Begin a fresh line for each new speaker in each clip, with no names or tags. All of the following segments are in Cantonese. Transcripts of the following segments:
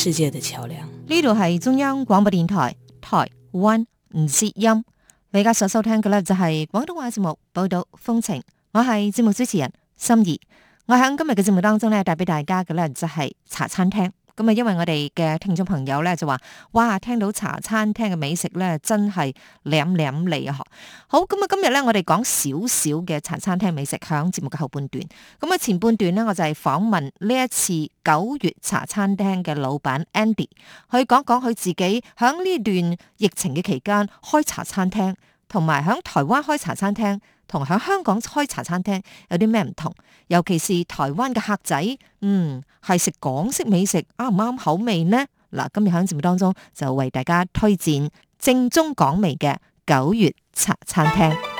世界的橋樑，呢度係中央廣播電台台 o 唔設音，你而家所收聽嘅咧就係廣東話節目《報道風情》，我係節目主持人心怡，我喺今日嘅節目當中咧帶俾大家嘅咧就係茶餐廳。咁啊，因為我哋嘅聽眾朋友咧就話，哇，聽到茶餐廳嘅美食咧，真係舐舐脷啊！好，咁啊，今日咧我哋講少少嘅茶餐廳美食，響節目嘅後半段。咁啊，前半段呢，我就係訪問呢一次九月茶餐廳嘅老闆 Andy，去講講佢自己響呢段疫情嘅期間開茶餐廳。同埋喺台灣開茶餐廳，同喺香港開茶餐廳有啲咩唔同？尤其是台灣嘅客仔，嗯，係食港式美食啱唔啱口味呢？嗱，今日喺節目當中就為大家推薦正宗港味嘅九月茶餐廳。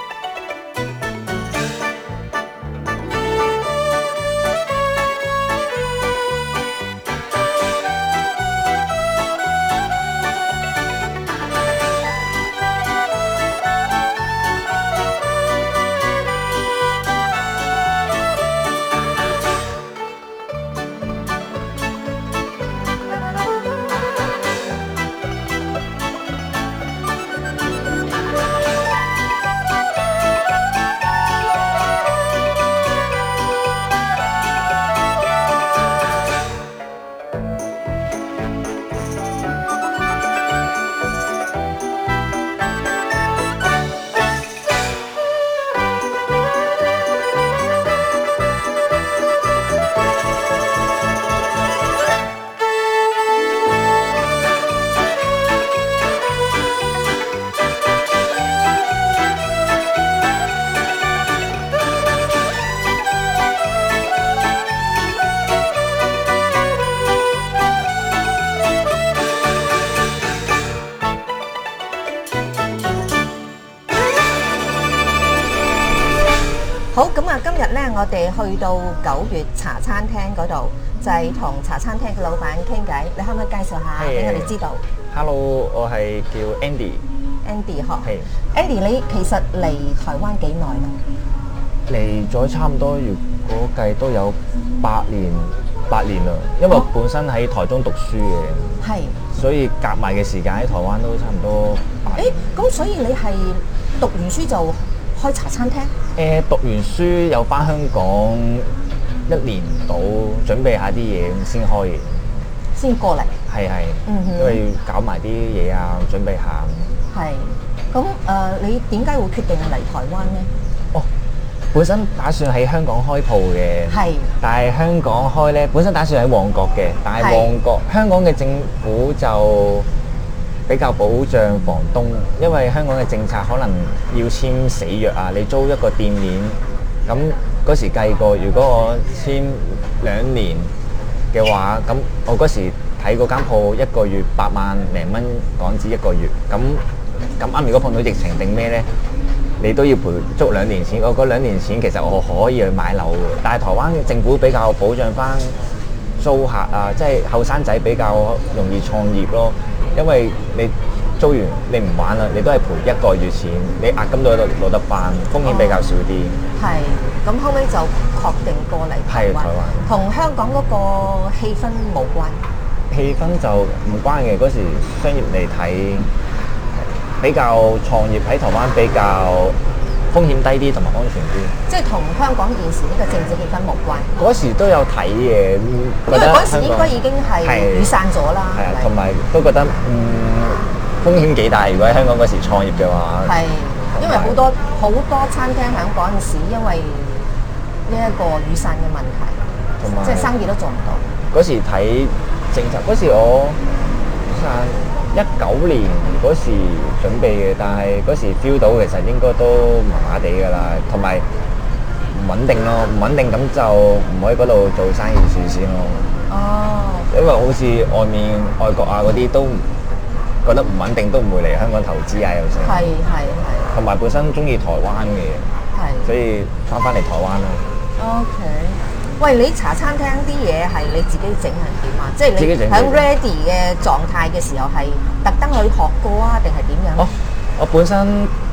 我哋去到九月茶餐廳嗰度，就係、是、同茶餐廳嘅老闆傾偈。你可唔可以介紹下俾我哋知道
？Hello，我係叫 And Andy 是。Andy 嗬，係
Andy，你其實嚟台灣幾耐啦？
嚟咗差唔多，如果計都有八年，八年啦。因為本身喺台中讀書嘅，係是，所以夾埋嘅時間喺台灣都差唔多。誒，
咁所以你係讀完書就？開茶餐廳？
誒、呃，讀完書有翻香港一年到，準備下啲嘢，咁先開。
先過嚟？
係係是，嗯哼，因為要搞埋啲嘢啊，準備下。
係，咁誒、呃，你點解會決定嚟台灣咧？哦，
本身打算喺香港開鋪嘅，係是，但係香港開咧，本身打算喺旺角嘅，但係旺角是香港嘅政府就。比較保障房東，因為香港嘅政策可能要簽死約啊，你租一個店面，咁嗰時計過，如果我簽兩年嘅話，咁我嗰時睇嗰間鋪一個月八萬零蚊港紙一個月，咁咁啱如果碰到疫情定咩呢？你都要賠足兩年錢，我嗰兩年錢其實我可以去買樓嘅，但係台灣政府比較保障翻租客啊，即係後生仔比較容易創業咯。因為你租完你唔玩啦，你都係賠一個月錢，你押金都攞攞得翻，風險比較少啲。
係、哦，咁後尾就確定過嚟台灣，同香港嗰個氣氛冇關係。
氣氛就唔關係，嗰時商業嚟睇，比較創業喺台灣比較。風險低啲，同埋安全啲，即係
同香港現時呢個政治氣氛無關。
嗰時都有睇嘅，嗯、得因為嗰時應該已
經係港是雨傘咗啦。係啊的，同
埋都覺得嗯風險幾大。如果喺香港嗰時創業嘅話，
係的有因為好多好多餐廳喺嗰陣時，因為呢一個雨傘嘅問題，
即係有生意都做唔到。嗰時睇政策，嗰時我傘一九年嗰時準備嘅，但係嗰時 feel 到，其實應該都。麻地噶啦，同埋唔穩定咯，唔穩定咁就唔可以嗰度做生意算先咯。哦，因為好似外面外國啊嗰啲都覺得唔穩定，都唔會嚟香港投資啊，有時。係係
係。
同埋本身中意台灣嘅，所以翻返嚟台灣啦。
OK，喂，你茶餐廳啲嘢係你自己整係點啊？即係你自己整？喺 ready 嘅狀態嘅時候係特登去學過啊，定係點
樣？哦我本身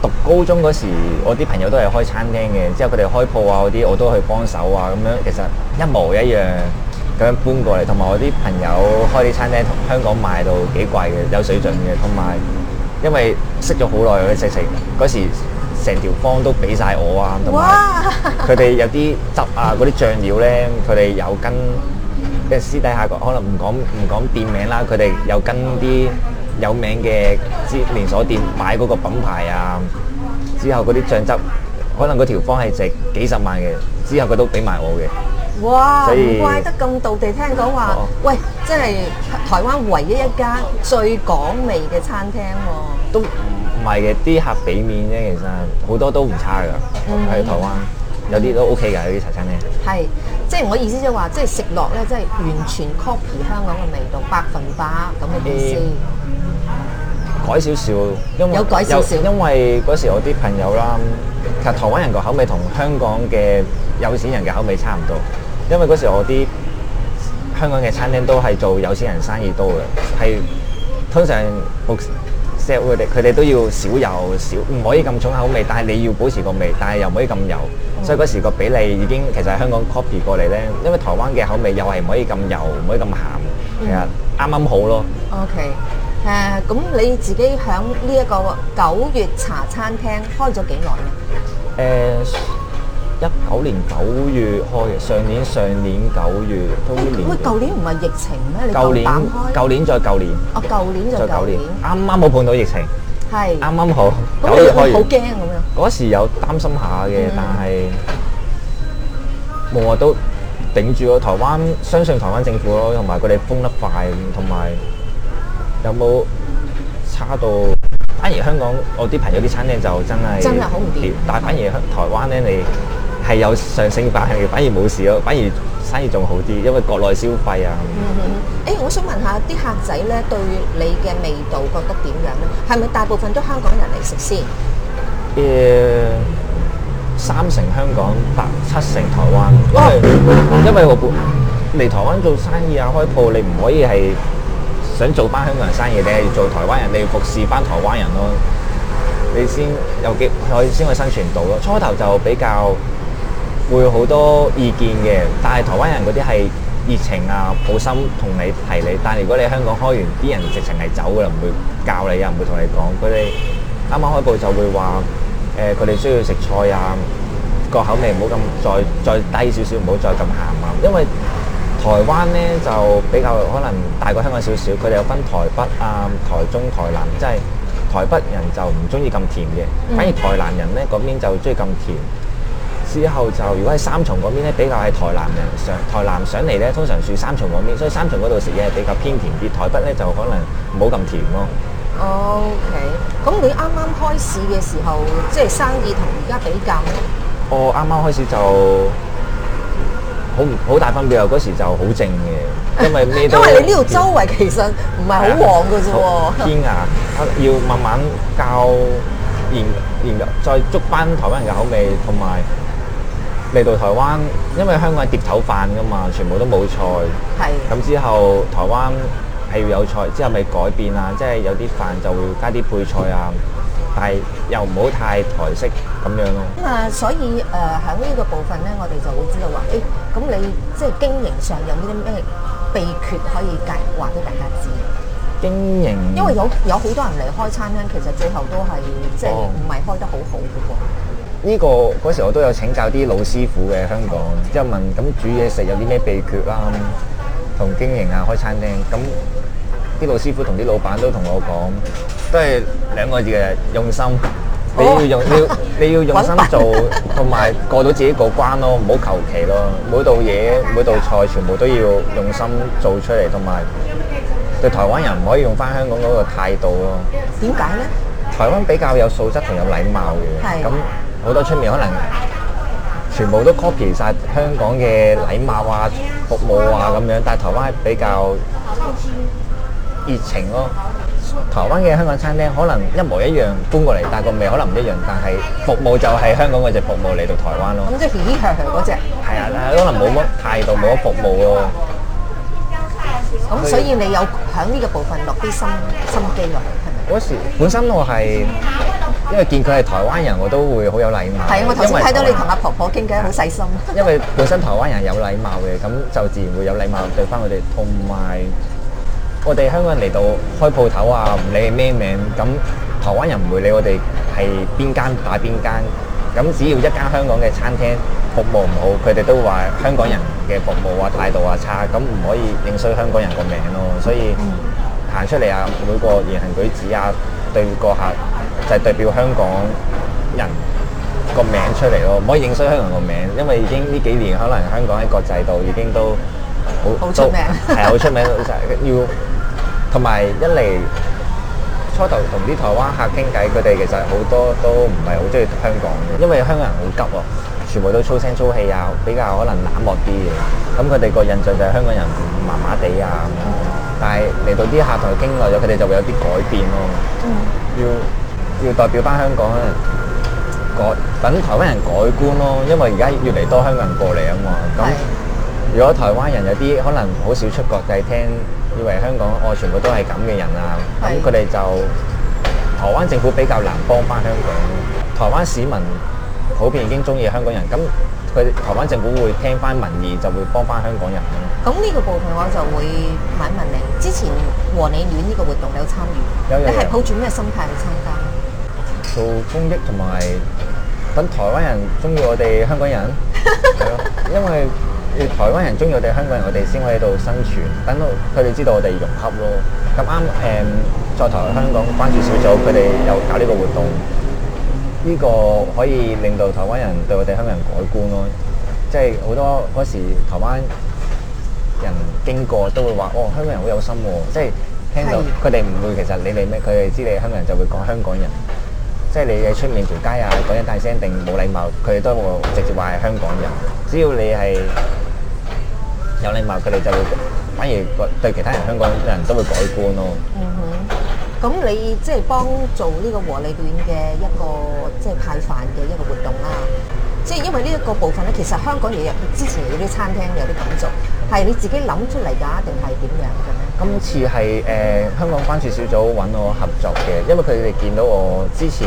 讀高中嗰時，我啲朋友都係開餐廳嘅，之後佢哋開鋪啊嗰啲，我都去幫手啊咁樣，其實一模一樣咁樣搬過嚟。同埋我啲朋友開啲餐廳，同香港賣到幾貴嘅，有水準嘅。同埋因為識咗好耐嘅食城，嗰時成條方都俾晒我啊，同埋佢哋有啲哇汁啊，嗰啲醬料咧，佢哋有跟，即係私底下可能唔講唔講店名啦，佢哋有跟啲。有名嘅之連鎖店買嗰個品牌啊，之後嗰啲醬汁，可能嗰條方係值幾十萬嘅，之後佢都俾埋我嘅。哇！
唔怪得咁道地聽，聽講話，喂，即係台灣唯一一間最港味嘅餐廳喎，啊。都唔
係嘅，啲客俾面啫，其實好多都唔差㗎。喺、嗯、台灣、嗯、有啲都 OK 㗎，有啲茶餐廳。係，
即係我意思就話，即係食落咧，即係完全 copy 香港嘅味道，百分百咁嘅意思。嗯
改少少，因為有因為嗰時我啲朋友啦，其實台灣人個口味同香港嘅有錢人嘅口味差唔多，因為嗰時我啲香港嘅餐廳都係做有錢人生意多嘅，係通常 book set 佢哋佢哋都要少油少，唔可以咁重口味，但係你要保持個味，但係又唔可以咁油，所以嗰時個比例已經其實係香港 copy 過嚟咧，因為台灣嘅口味又係唔可以咁油，唔可以咁鹹，其實啱啱好咯。
OK。誒，咁你自己喺呢一個九月茶餐廳開咗幾耐咧？
誒，一九年九月開嘅，上年上年九月都年。喂，舊
年唔係疫情咩？舊年開，舊
年再舊年。
啊，舊年再舊年。
啱啱冇碰到疫情。係。啱啱好。九月開完。好驚咁樣。嗰時有擔心下嘅，但係，冇啊，都頂住咯。台灣，相信台灣政府咯，同埋佢哋封得快，同埋。有冇差到？反而香港我啲朋友啲餐廳就真係真係好唔掂，但反而台灣咧，你係有上升反，反而冇事咯，反而生意仲好啲，因為國內消費啊。嗯、
欸、我想問下啲客仔咧，對你嘅味道覺得點樣咧？係咪大部分都香港人嚟食先？
誒、呃，三成香港，七成台灣。因、哎、為因為我本嚟台灣做生意啊，開鋪你唔可以係。想做班香港人生意，你係要做台灣人，你要服侍班台灣人咯，你先有幾可以先可以生存到咯。初頭就比較會好多意見嘅，但係台灣人嗰啲係熱情啊、好心同你提你。但係如果你香港開完，啲人直情係走噶啦，唔會教你又唔會同你講。佢哋啱啱開舖就會話：誒、呃，佢哋需要食菜啊，個口味唔好咁再再低少少，唔好再咁鹹啊，因為。台灣咧就比較可能大過香港少少，佢哋有分台北啊、台中、台南，即係台北人就唔中意咁甜嘅，mm hmm. 反而台南人咧嗰邊就中意咁甜。之後就如果喺三重嗰邊咧，比較係台南人上台南上嚟咧，通常住三重嗰邊，所以三重嗰度食嘢比較偏甜啲，台北咧就可能冇咁甜咯、哦。
OK，咁你啱啱開始嘅時候，即係生意同而家比較咧？
我啱啱開始就。好好大分別啊！嗰時就好正嘅，因為咩？因為你呢度周圍其
實唔係好旺嘅啫喎。
天啊，要慢慢教，然然後再捉翻台灣人嘅口味同埋味道。台灣因為香港係碟頭飯嘅嘛，全部都冇菜。係咁之後，台灣係要有菜，之後咪改變啊！即係有啲飯就會加啲配菜啊。太又唔好太台式咁樣咯。咁
啊、嗯，所以誒，喺、呃、呢個部分咧，我哋就會知道話，誒，咁你即係經營上有呢啲咩秘訣可以介話啲大家知？
經營營。因為有
有好多人嚟開餐廳，其實最後都係即係唔係開得好好嘅喎。
呢、這個嗰時我都有請教啲老師傅嘅香港，即係、嗯、問咁、嗯、煮嘢食有啲咩秘訣啦、啊，同經營啊，開餐廳咁啲老師傅同啲老闆都同我講。都係兩個字嘅用心，你要用要你要用心做，同埋過到自己過關咯，唔好求其咯。每道嘢，每道菜全部都要用心做出嚟，同埋對台灣人唔可以用翻香港嗰個態度咯。
點解咧？
台灣比較有素質同有禮貌嘅，咁好多出面可能全部都 copy 晒香港嘅禮貌啊、服務啊咁樣，但係台灣係比較熱情咯。台灣嘅香港餐廳可能一模一樣搬過嚟，但個味可能唔一樣，但係服務就係香
港
嗰隻服務嚟到台灣咯。我哋香港人嚟到開鋪頭啊，唔理係咩名，咁台灣人唔會理我哋係邊間大邊間。咁只要一間香港嘅餐廳服務唔好，佢哋都話香港人嘅服務啊、態度啊差，咁唔可以影衰香港人個名咯。所以行出嚟啊，每個言行舉止啊，對個客就係代表香港人個名出嚟咯，唔可以影衰香港人個名，因為已經呢幾年可能香港喺國際度已經都好出名，係好出名，要。同埋一嚟初頭同啲台灣客傾偈，佢哋其實好多都唔係好中意香港嘅，因為香港人好急哦，全部都粗聲粗氣啊，比較可能冷漠啲嘅。咁佢哋個印象就係香港人麻麻地啊，咁樣。但係嚟到啲客同佢傾耐咗，佢哋就會有啲改變咯。要要代表返香港嘅改，等台灣人改觀咯。因為而家越嚟多香港人過嚟啊嘛。咁如果台灣人有啲可能好少出國，就係聽。以為香港，我全部都係咁嘅人啊！咁佢哋就台灣政府比較難幫翻香港，台灣市民普遍已經中意香港人，咁佢哋台灣政府會聽翻民意，就會幫翻香港人。
咁呢個部分我就會問一問你，之前和你戀呢個活動你有參與？有有有，你係抱住咩心態去參加？
做公益同埋等台灣人中意我哋香港人， 係囉，因為。台灣人中意我哋香港人，我哋先可以喺度生存。等到佢哋知道我哋融洽咯，咁啱誒在台香港關注小組，佢哋又搞呢個活動，呢個可以令到台灣人對我哋香港人改觀咯。即係好多嗰時台灣人經過都會話：哦，香港人好有心喎！即係聽到佢哋唔會其實理你咩，佢哋知你係香港人就會講香港人。即係你喺出面條街啊，講嘢大聲定冇禮貌，佢哋都會直接話係香港人。只要你係，有禮貌，佢哋就會反而對其他人香港人都會改觀咯。
嗯哼，咁你即係幫做呢個和利店嘅一個即係、就是、派飯嘅一個活動啦、啊。即、就、係、是、因為呢一個部分咧，其實香港也有之前有啲餐廳有啲咁做，係你自己諗出嚟㗎，定係點樣嘅？
咧、嗯？今次係誒、呃、香港關注小組搵我合作嘅，因為佢哋見到我之前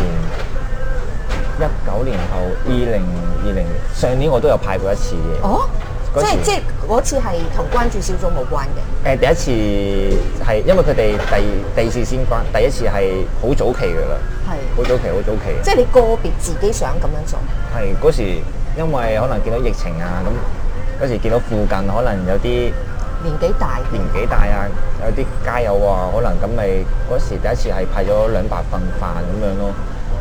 一九年後二零二零上年我都有派過一次嘅。哦，次即係即係。
嗰次係同關注小組冇關嘅。
誒，第一次係因為佢哋第第二次先關，第一次係好早期㗎啦。係，好早期，好早期。即係
你個別自己想咁樣做。
係嗰時，因為可能見到疫情啊，咁嗰時見到附近可能有啲年紀大，年紀大啊，有啲街友啊，可能咁咪嗰時第一次係派咗兩百份飯咁樣咯，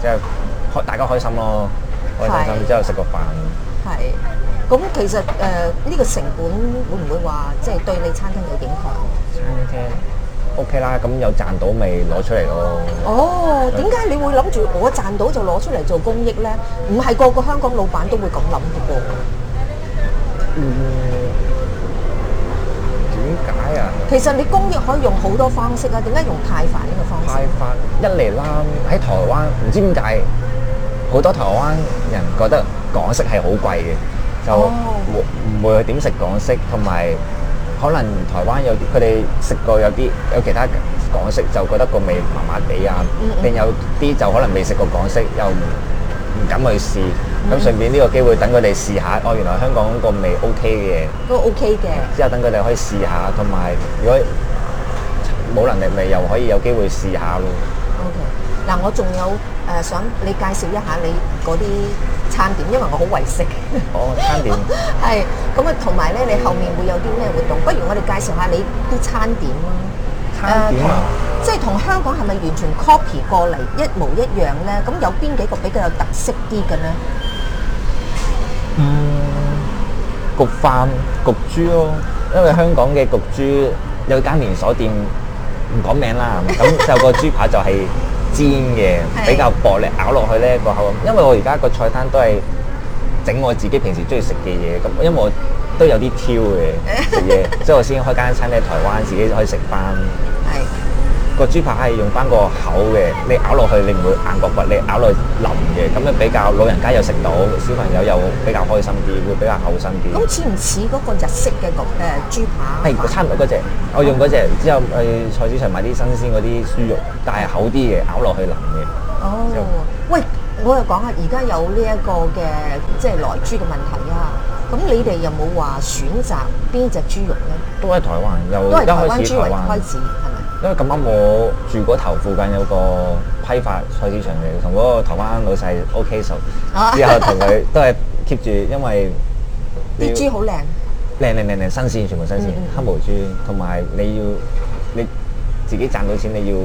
即係開大家開心咯，開開心之後食個飯。
係。咁其實誒呢個成本會唔會話即係對你餐廳有影響？
餐廳 OK 啦，咁有賺到咪攞出嚟咯。哦，點解
你會諗住我賺到就攞出嚟做公益咧？唔係個個香港老闆都會咁諗嘅噃。嗯，
點解啊？其實你
公益可以用好多方式啊，點解用派飯呢個方式？派
飯一嚟啦，喺台灣唔知點解好多台灣人覺得港式係好貴嘅。就唔唔會去點食港式，同埋可能台灣有啲，佢哋食過有啲有其他港式，就覺得個味麻麻地啊，定有啲就可能未食過港式，又唔唔敢去試。咁順便呢個機會等佢哋試下，哦，原來香港個味 OK 嘅嘢，
都 OK 嘅。
之後等佢哋可以試下，同埋如果冇能力咪又可以有機會試下咯。OK，
嗱我仲有誒想你介紹一下你嗰啲。餐點，因為我好為食。
哦，餐點
係咁啊，同埋咧，你後面會有啲咩活動？不如我哋介紹下你啲餐點啦。餐點啊，即係同香港係咪完全 copy 過嚟，一模一樣咧？咁有邊幾個比較有特色啲嘅咧？嗯，
焗飯焗豬咯，因為香港嘅焗豬有間連鎖店，唔講名啦，咁就有個豬扒就係。煎嘅比較薄咧，咬落去咧個口感，因為我而家個菜單都係整我自己平時中意食嘅嘢，咁因為我都有啲挑嘅食嘢， 所以我先開間餐廳喺台灣自己可以食返。個豬排係用返個口嘅，你咬落去你唔會硬骨骨，你咬落去腍嘅，咁樣比較老人家又食到，小朋友又比較開心啲，會比較厚身啲。咁
似唔似嗰個日式嘅個誒豬排？係是吧差唔多
嗰隻，我用嗰隻，哦、之後去菜市場買啲新鮮嗰啲豬肉，但係厚啲嘅，咬落去腍嘅。哦，
就喂，我又講下而家有呢一個嘅即係萊豬嘅問題啊！咁你哋有冇話選擇邊隻豬肉咧？
都喺台灣，由都係台灣豬為開始。灣因為咁啱我住嗰頭附近有個批發菜市場嘅，同嗰個台灣老細 OK 熟、so，啊，之後同佢都係 keep 住，因為啲豬好靚，靚靚靚靚靚，新鮮，全部新鮮，嗯嗯黑毛豬，同埋你要你自己賺到錢，你要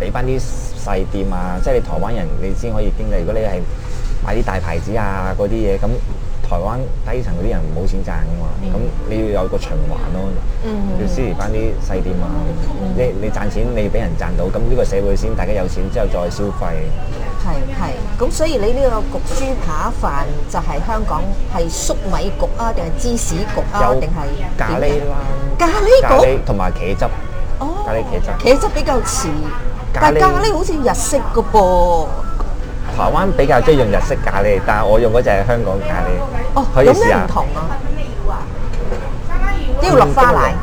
俾翻啲細店啊，即係你台灣人你先可以經歷，如果你係買啲大牌子啊嗰啲嘢咁。台灣低層嗰啲人冇錢賺噶嘛，咁、嗯、你要有個循環咯，要支持翻啲細店啊。你你賺錢，你俾人賺到，咁呢個社會先大家有錢之後再消費。
係係，咁所以你呢個焗豬扒飯就係香港係粟米焗啊，定係芝士焗啊，定係咖喱啦，咖喱
同埋茄汁。哦，咖喱茄汁，茄汁比較似，咖喱，但係咖喱好
似日式噶噃。
台灣比較鍾意用日式咖喱，但係我用嗰隻係香港咖喱。
哦，咁咩唔同啊？都要落花奶。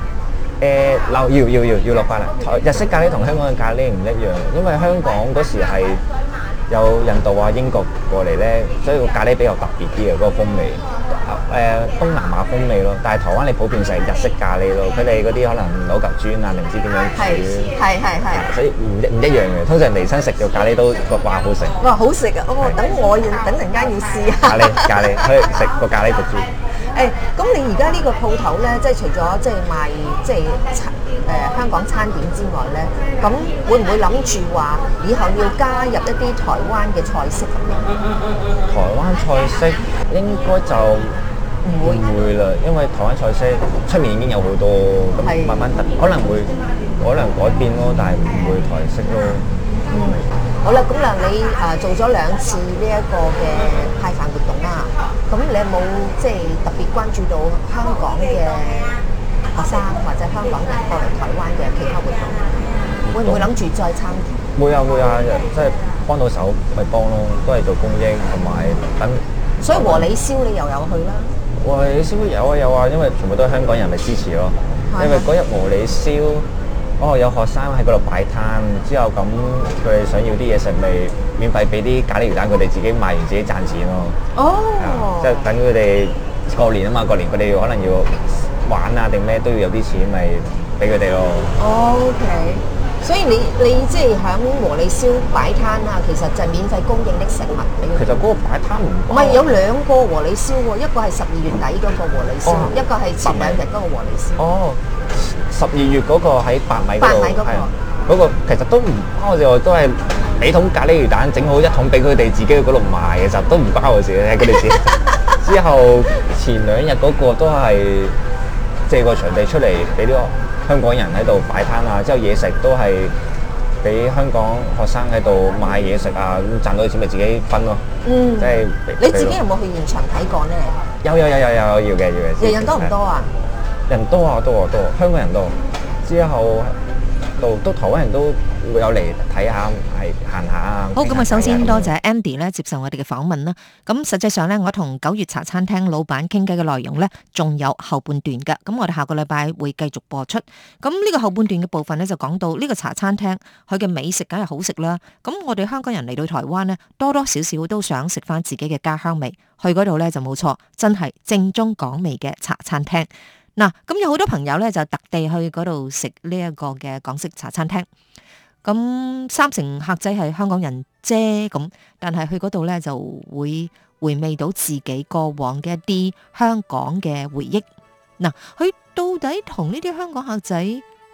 誒，要要要要落花奶，台日式咖喱同香港嘅咖喱唔一樣，因為香港嗰時係。有印度啊、英國過嚟咧，所以個咖喱比較特別啲嘅嗰個風味，誒、呃、東南亞風味咯。但係台灣你普遍係日式咖喱咯，佢哋嗰啲可能攞嚿磚啊，定唔知點樣煮，係
係係，
所以唔一唔一樣嘅。通常離親食個咖喱都個話好食，
哇好食啊！哦，是等我要等陣間要試下
咖喱咖喱，佢食個咖喱焗豬。
誒，咁、哎，你而家呢個鋪頭咧，即係除咗即係賣即係誒香港餐點之外咧，咁會唔會諗住話以後要加入一啲台灣嘅菜式咁樣？
台灣菜式應該就唔會唔會啦，嗯、因為台灣菜式出面已經有好多咁是慢慢得可能會可能改變咯，但係唔會台式咯。嗯，
好啦，咁啦，你、呃、誒做咗兩次呢一個嘅派飯。咁你有冇即係特別關注到香港嘅學生或者香港人過嚟台灣嘅其他活動？會
唔會諗住再參與？會啊會啊，即係幫到手咪幫咯，都係做公益同埋等。
所以和你燒你又有去啦？
和你燒有啊有啊，因為全部都係香港人咪支持咯，
因為嗰日
和你燒。哦，有學生喺嗰度擺攤，之後咁佢哋想要啲嘢食咪免費俾啲咖喱魚蛋，佢哋自己賣完自己賺錢咯。哦，
即
係等佢哋過年啊嘛，過年佢哋可能要玩啊定咩都要有啲錢咪俾佢哋咯。哦、o、
okay. K，所以你你即係響和你燒擺攤啊，其實就免費供應啲食物俾佢哋。其實
嗰個擺攤唔係有
兩個和你燒喎，一個係十二月底嗰個和你燒，一個係前兩日嗰個和你燒。哦。
十二月嗰個喺百米嗰度，係嗰、嗰個嗰個其實都唔關我事，我都係俾桶咖喱魚蛋整好一桶俾佢哋自己去嗰度賣嘅，其實都唔關我事嘅，佢哋自己。 之後前兩日嗰個都係借個場地出嚟俾啲香港人喺度擺攤啊，之後嘢食都係俾香港學生喺度買嘢食啊，咁賺到錢咪自己分咯。嗯，即係你自己有
冇去現場睇過咧？
有有有有有，要嘅要嘅。要人，人多唔多啊？人多啊，多啊，多啊！香港人多，之後到都，都台灣人都會有嚟睇下，係行下啊。好，咁啊行，首先多謝
Andy 呢接受我哋嘅訪問啦。咁、嗯、實際上呢，我同九月茶餐廳老闆傾偈嘅內容呢，仲有後半段嘅。咁我哋下個禮拜會繼續播出。咁呢個後半段嘅部分呢，就講到呢個茶餐廳佢嘅美食梗係好食啦。咁我哋香港人嚟到台灣呢，多多少少都想食翻自己嘅家鄉味。去嗰度呢，就冇錯，真係正宗港味嘅茶餐廳。嗱，咁有好多朋友呢就特地去嗰度食呢一個嘅港式茶餐廳，咁三成客仔係香港人啫，咁但係去嗰度呢就會回味到自己過往嘅一啲香港嘅回憶。嗱，佢到底同呢啲香港客仔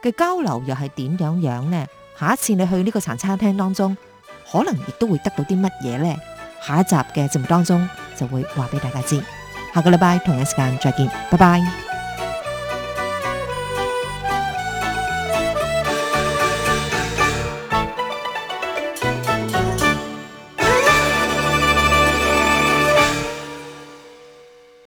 嘅交流又係點樣樣呢？下一次你去呢個茶餐廳當中，可能亦都會得到啲乜嘢呢？下一集嘅節目當中就會話俾大家知。下個禮拜同一時間再見，拜拜。